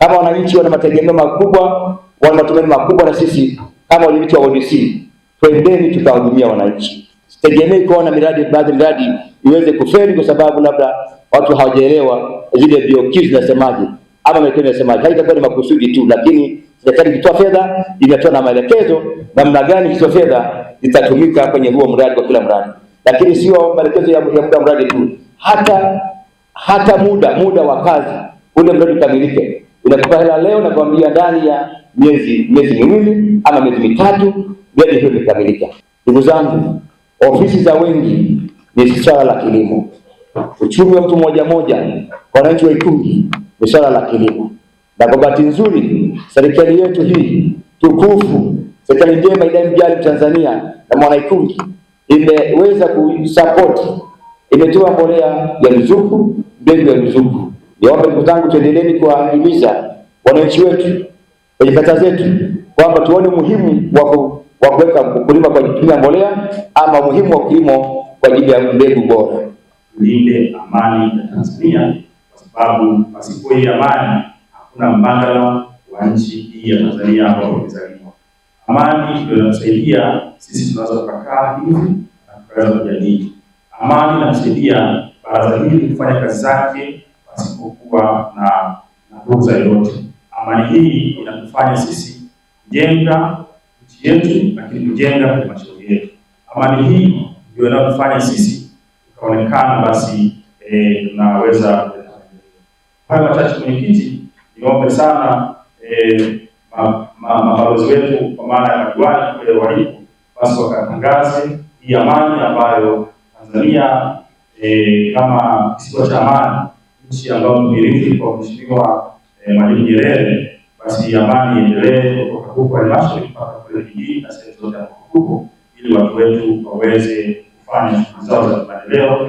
Kama wananchi wana mategemeo makubwa, wana matumaini makubwa na sisi kama wenyeviti wa ODC, twendeni tutawahudumia wananchi. Sitegemei kuona miradi baadhi miradi iweze kufeli kwa sababu labda watu hawajaelewa zile viokizi zinasemaje ama mekeni inasemaje. Haitakuwa ni makusudi tu, lakini serikali ikitoa fedha inatoa na maelekezo namna gani hizo fedha zitatumika kwenye huo mradi kwa kila mradi, lakini sio maelekezo ya muda mradi tu, hata hata muda muda wa kazi ule mradi ukamilike Inakupa hela leo na kuambia ndani ya miezi miezi miwili ama miezi mitatu gari hiyo imekamilika. Ndugu zangu, ofisi za wengi ni swala la kilimo. Uchumi wa mtu mmoja mmoja kwa wananchi wa Ikungi ni swala la kilimo, na kwa bahati nzuri serikali yetu hii tukufu, serikali njema inayemjali tanzania na mwana Ikungi imeweza kusapoti, imetoa mbolea ya ruzuku, mbegu ya ruzuku Niombe ndugu zangu, tuendeleni kuwahimiza wananchi wetu kwenye kata zetu kwamba tuone umuhimu wa kuweka kulima kwa kutumia mbolea ama umuhimu wa kilimo kwa ajili ya mbegu bora. Tulinde amani ya Tanzania kwa sababu pasipo hii amani hakuna mbadala wa nchi hii ya Tanzania ambao umezaliwa. Amani ndio inatusaidia sisi tunaweza kukaa hivi na kuweza kujadili. Amani inamsaidia baraza hili kufanya kazi zake pasipokuwa na bughudha yoyote. Amani hii inatufanya sisi kujenga nchi yetu, lakini kujenga halmashauri yetu. Amani hii ndio inatufanya sisi tukaonekana basi eh, tunaweza e, hayo machache. Mwenyekiti, niombe sana e, mabalozi wetu kwa maana ya madiwani kule walipo basi wakatangaze hii amani ambayo Tanzania e, kama kisiwa cha amani nchi ambayo tumirithi kwa mheshimiwa eh, Mwalimu Nyerere, basi amani iendelee kutoka huko halmashauri mpaka kule kijiji na sehemu zote ya Makukuku, ili watu wetu waweze kufanya shughuli zao za maendeleo.